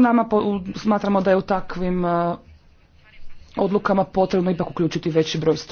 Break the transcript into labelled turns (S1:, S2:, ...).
S1: nama smatramo da je u takvim eh, odlukama potrebno ipak uključiti veći broj stručnjaka.